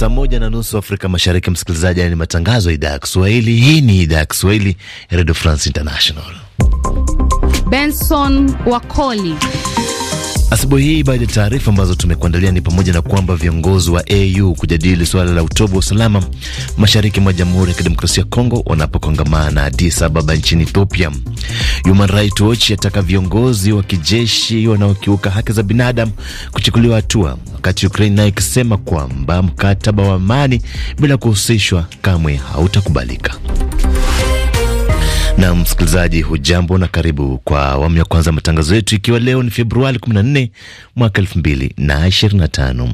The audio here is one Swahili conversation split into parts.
Saa moja na nusu Afrika Mashariki, msikilizaji, ni yaani matangazo ya idhaa ya Kiswahili. Hii ni idhaa ya Kiswahili ya Radio France International. Benson Wakoli Asubuhi hii baadhi ya taarifa ambazo tumekuandalia ni pamoja na kwamba viongozi wa AU kujadili suala la utovu wa usalama mashariki mwa Jamhuri ya Kidemokrasia ya Kongo wanapokongamana Addis Ababa nchini Ethiopia. Human Rights Watch yataka viongozi wa kijeshi wanaokiuka haki za binadamu kuchukuliwa hatua, wakati Ukraine nayo ikisema kwamba mkataba wa amani bila kuhusishwa kamwe hautakubalika. Na msikilizaji, hujambo na karibu kwa awamu ya kwanza matangazo yetu, ikiwa leo ni Februari 14 mwaka 2025.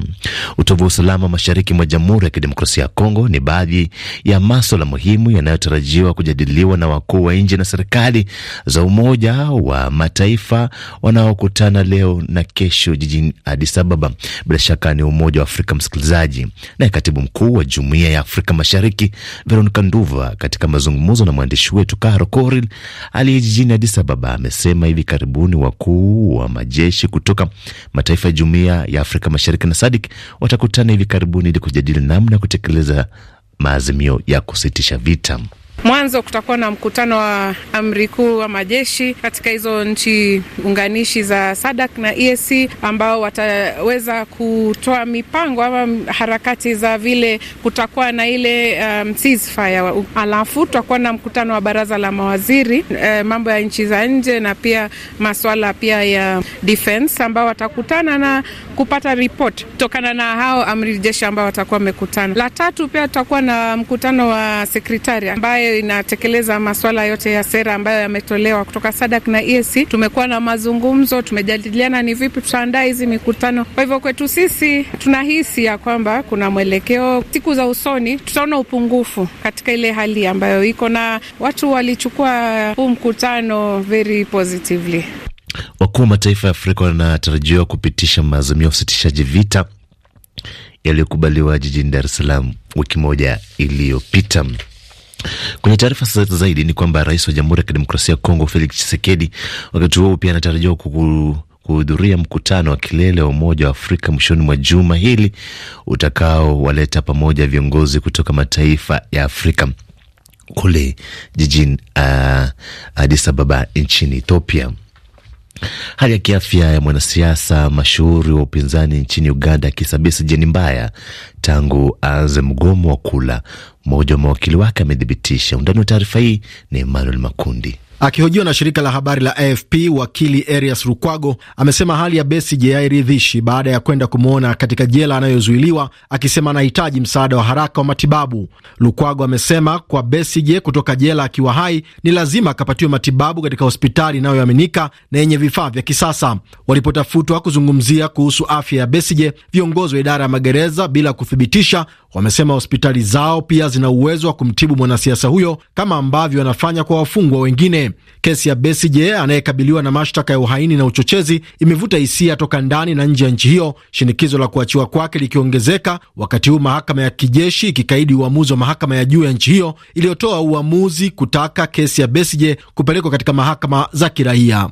Utovu wa usalama mashariki mwa Jamhuri ya Kidemokrasia ya Kongo ni baadhi ya maswala muhimu yanayotarajiwa kujadiliwa na wakuu wa nje na serikali za Umoja wa Mataifa wanaokutana leo na kesho jijini Addis Ababa. Bila shaka ni Umoja wa Afrika, msikilizaji, naye katibu mkuu wa Jumuiya ya Afrika Mashariki Veronica Nduva katika mazungumzo na mwandishi wetu Karo Koril aliye jijini Addis Ababa amesema hivi karibuni wakuu wa majeshi kutoka mataifa ya Jumuiya ya Afrika Mashariki na SADC watakutana hivi karibuni ili kujadili namna ya kutekeleza maazimio ya kusitisha vita. Mwanzo kutakuwa na mkutano wa amri kuu wa majeshi katika hizo nchi unganishi za sadak na EAC ambao wataweza kutoa mipango ama harakati za vile kutakuwa na ile um, ceasefire. Alafu tutakuwa na mkutano wa baraza la mawaziri e, mambo ya nchi za nje na pia maswala pia ya defense ambao watakutana na kupata ripoti kutokana na hao amri jeshi ambao watakuwa wamekutana. La tatu pia tutakuwa na mkutano wa sekretari ambaye ambayo inatekeleza maswala yote ya sera ambayo yametolewa kutoka SADC na EAC. Tumekuwa na mazungumzo, tumejadiliana ni vipi tutaandaa hizi mikutano. Kwa hivyo kwetu sisi tunahisi ya kwamba kuna mwelekeo, siku za usoni tutaona upungufu katika ile hali ambayo iko, na watu walichukua huu mkutano very positively. Wakuu wa mataifa ya Afrika wanatarajiwa kupitisha maazimio ya usitishaji vita yaliyokubaliwa jijini Dar es Salaam wiki moja iliyopita. Kwenye taarifa sasa zaidi ni kwamba rais wa Jamhuri ya Kidemokrasia ya Kongo Felix Tshisekedi wakati huo pia anatarajiwa kuhudhuria mkutano wa kilele wa Umoja wa Afrika mwishoni mwa juma hili utakaowaleta pamoja viongozi kutoka mataifa ya Afrika kule jijini uh, Addis Ababa nchini Ethiopia. Hali ya kiafya ya mwanasiasa mashuhuri wa upinzani nchini Uganda Kizza Besigye ni mbaya tangu aanze mgomo wa kula. Mmoja wa mawakili wake amethibitisha. Undani wa taarifa hii ni Emmanuel Makundi. Akihojiwa na shirika la habari la AFP, wakili arias rukwago amesema hali ya Besigye hairidhishi baada ya kwenda kumwona katika jela anayozuiliwa, akisema anahitaji msaada wa haraka wa matibabu. Lukwago amesema kwa Besigye kutoka jela akiwa hai ni lazima akapatiwe matibabu katika hospitali inayoaminika na yenye vifaa vya kisasa. Walipotafutwa kuzungumzia kuhusu afya ya Besigye, viongozi wa idara ya magereza bila kuthibitisha Wamesema hospitali zao pia zina uwezo wa kumtibu mwanasiasa huyo kama ambavyo wanafanya kwa wafungwa wengine. Kesi ya Besigye anayekabiliwa na mashtaka ya uhaini na uchochezi imevuta hisia toka ndani na nje ya nchi hiyo, shinikizo la kuachiwa kwake likiongezeka, wakati huu mahakama ya kijeshi ikikaidi uamuzi wa mahakama ya juu ya nchi hiyo iliyotoa uamuzi kutaka kesi ya Besigye kupelekwa katika mahakama za kiraia.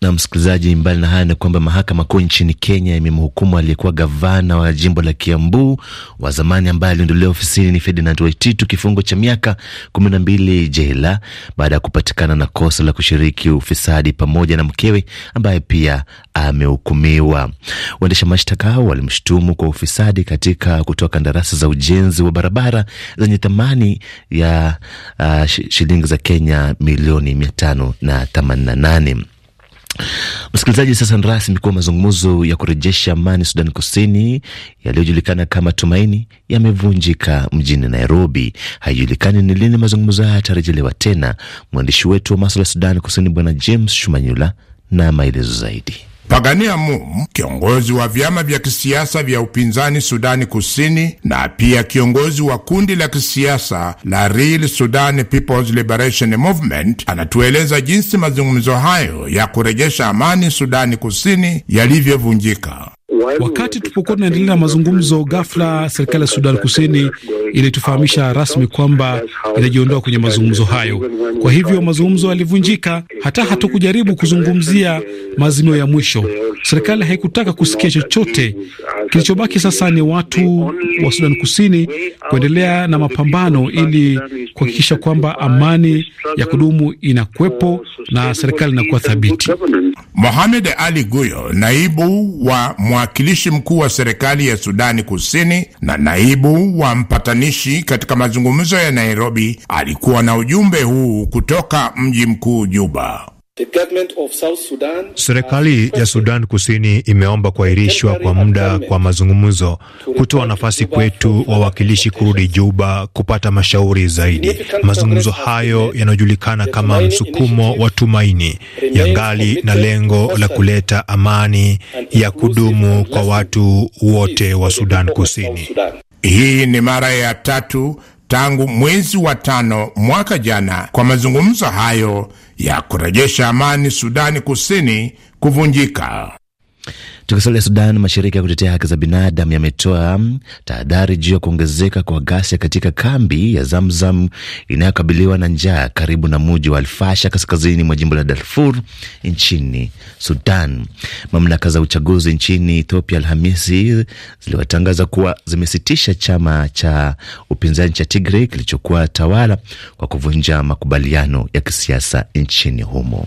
Na msikilizaji, mbali na haya ni kwamba mahakama kuu nchini Kenya imemhukumu aliyekuwa gavana wa jimbo la Kiambu wa zamani ambaye aliondolewa ofisini ni Ferdinand Waititu kifungo cha miaka kumi na mbili jela baada ya kupatikana na kosa la kushiriki ufisadi pamoja na mkewe ambaye pia amehukumiwa. Waendesha mashtaka hao walimshutumu kwa ufisadi katika kutoa kandarasi za ujenzi wa barabara zenye thamani ya uh, shilingi za Kenya milioni mia tano na themanini na nane. Msikilizaji, sasa ni rasmi kuwa mazungumzo ya kurejesha amani Sudan Kusini yaliyojulikana kama Tumaini yamevunjika mjini Nairobi. Haijulikani ni lini mazungumzo haya yatarejelewa tena. Mwandishi wetu wa maswala ya Sudan Kusini Bwana James Shumanyula na maelezo zaidi. Pagania Mum, kiongozi wa vyama vya kisiasa vya upinzani Sudani Kusini na pia kiongozi wa kundi la kisiasa la Real Sudan People's Liberation Movement, anatueleza jinsi mazungumzo hayo ya kurejesha amani Sudani Kusini yalivyovunjika. Wakati tulipokuwa tunaendelea na mazungumzo, ghafla serikali ya Sudan Kusini ilitufahamisha rasmi kwamba inajiondoa kwenye mazungumzo hayo. Kwa hivyo mazungumzo yalivunjika, hata hatukujaribu kuzungumzia maazimio ya mwisho. Serikali haikutaka kusikia chochote. Kilichobaki sasa ni watu wa Sudan Kusini kuendelea na mapambano ili kuhakikisha kwamba amani ya kudumu inakuwepo na serikali inakuwa thabiti. Mohamed Ali Guyo, naibu wa mwakilishi mkuu wa serikali ya Sudani Kusini na naibu wa mpatanishi katika mazungumzo ya Nairobi, alikuwa na ujumbe huu kutoka mji mkuu Juba. Serikali ya Sudan Kusini imeomba kuahirishwa kwa muda kwa mazungumzo, kutoa nafasi kwetu wawakilishi kurudi Juba kupata mashauri zaidi. Mazungumzo hayo yanayojulikana kama msukumo wa tumaini yangali na lengo la kuleta amani ya kudumu kwa watu wote wa Sudan Kusini. Hii ni mara ya tatu tangu mwezi wa tano mwaka jana kwa mazungumzo hayo ya kurejesha amani Sudani Kusini kuvunjika. Tukisalia Sudan, mashirika ya kutetea haki za binadamu yametoa tahadhari juu ya kuongezeka kwa ghasia katika kambi ya Zamzam inayokabiliwa na njaa karibu na muji wa Alfasha kaskazini mwa jimbo la Darfur nchini Sudan. Mamlaka za uchaguzi nchini Ethiopia Alhamisi ziliwatangaza kuwa zimesitisha chama cha upinzani cha Tigray kilichokuwa tawala kwa kuvunja makubaliano ya kisiasa nchini humo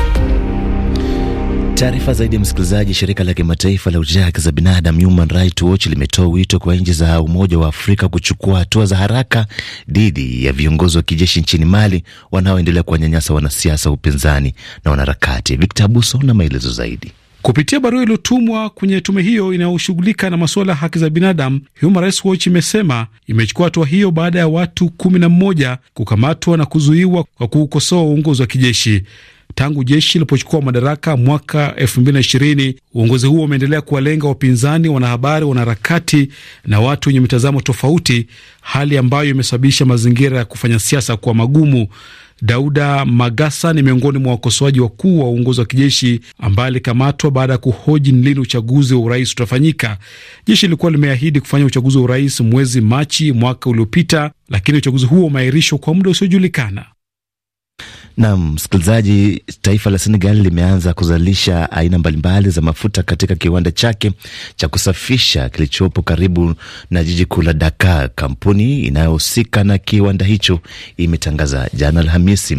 Taarifa zaidi ya msikilizaji. Shirika la kimataifa la kutetea haki za binadamu Human Rights Watch limetoa wito kwa nchi za Umoja wa Afrika kuchukua hatua za haraka dhidi ya viongozi wa kijeshi nchini Mali wanaoendelea kuwanyanyasa wanasiasa, upinzani na wanaharakati. Victor buso na maelezo zaidi. Kupitia barua iliyotumwa kwenye tume hiyo inayoshughulika na masuala ya haki za binadamu, Human Rights Watch imesema imechukua hatua hiyo baada ya watu kumi na mmoja kukamatwa na kuzuiwa kwa kuukosoa uongozi wa kijeshi. Tangu jeshi lilipochukua madaraka mwaka 2020, uongozi huo umeendelea kuwalenga wapinzani, wanahabari, wanaharakati na watu wenye mitazamo tofauti, hali ambayo imesababisha mazingira ya kufanya siasa kuwa magumu. Dauda Magasa ni miongoni mwa wakosoaji wakuu wa uongozi wa kijeshi ambaye alikamatwa baada ya kuhoji ni lini uchaguzi wa urais utafanyika. Jeshi lilikuwa limeahidi kufanya uchaguzi wa urais mwezi Machi mwaka uliopita, lakini uchaguzi huo umeahirishwa kwa muda usiojulikana. Nam msikilizaji, taifa la Senegal limeanza kuzalisha aina mbalimbali za mafuta katika kiwanda chake cha kusafisha kilichopo karibu na jiji kuu la Dakar. Kampuni inayohusika na kiwanda hicho imetangaza jana Alhamisi.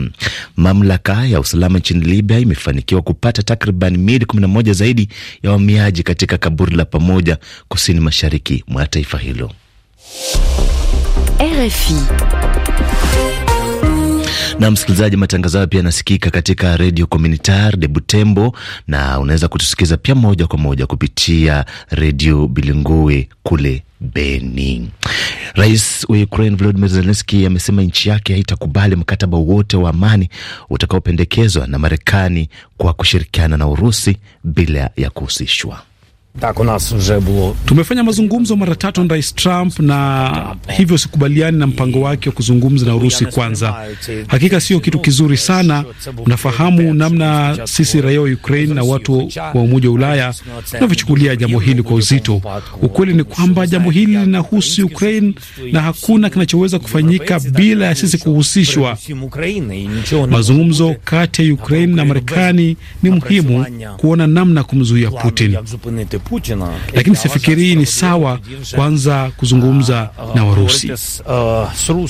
Mamlaka ya usalama nchini Libya imefanikiwa kupata takriban mili 11 zaidi ya wahamiaji katika kaburi la pamoja kusini mashariki mwa taifa hilo. RFI na msikilizaji, matangazo hayo pia yanasikika katika redio Communitaire de Butembo, na unaweza kutusikiza pia moja kwa moja kupitia redio bilingue kule Beni. Rais wa Ukraine Volodymyr Zelensky amesema nchi yake haitakubali mkataba wote wa amani utakaopendekezwa na Marekani kwa kushirikiana na Urusi bila ya kuhusishwa. Так, у нас було tumefanya mazungumzo mara tatu na Rais Trump na hivyo sikubaliani na mpango wake wa kuzungumza na Urusi kwanza. Hakika sio kitu kizuri sana. Unafahamu namna sisi raia wa Ukraine na watu wa Umoja wa Ulaya tunavyochukulia jambo hili kwa uzito. Ukweli ni kwamba jambo hili linahusu Ukraine na hakuna kinachoweza kufanyika bila ya sisi kuhusishwa. Mazungumzo kati ya Ukraine na Marekani ni muhimu kuona namna kumzuia Putin lakini sifikirii ni sawa kwanza kuzungumza na Warusi. Uh, uh,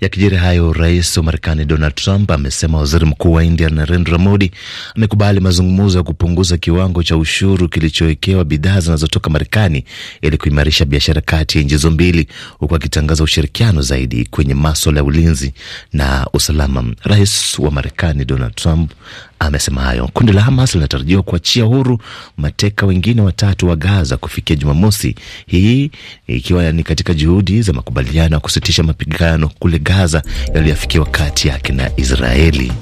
Yakijiri hayo, rais wa Marekani Donald Trump amesema waziri mkuu wa India Narendra Modi amekubali mazungumzo ya kupunguza kiwango cha ushuru kilichowekewa bidhaa zinazotoka Marekani ili kuimarisha biashara kati ya nchi hizo mbili, huku akitangaza ushirikiano zaidi kwenye maswala ya ulinzi na usalama. Rais wa Marekani Donald Trump amesema hayo. Kundi la Hamas linatarajiwa kuachia huru mateka wengine watatu wa Gaza kufikia Jumamosi, hii ikiwa ni katika juhudi za makubaliano ya kusitisha mapigano kule Gaza yaliyofikiwa kati yake na Israeli.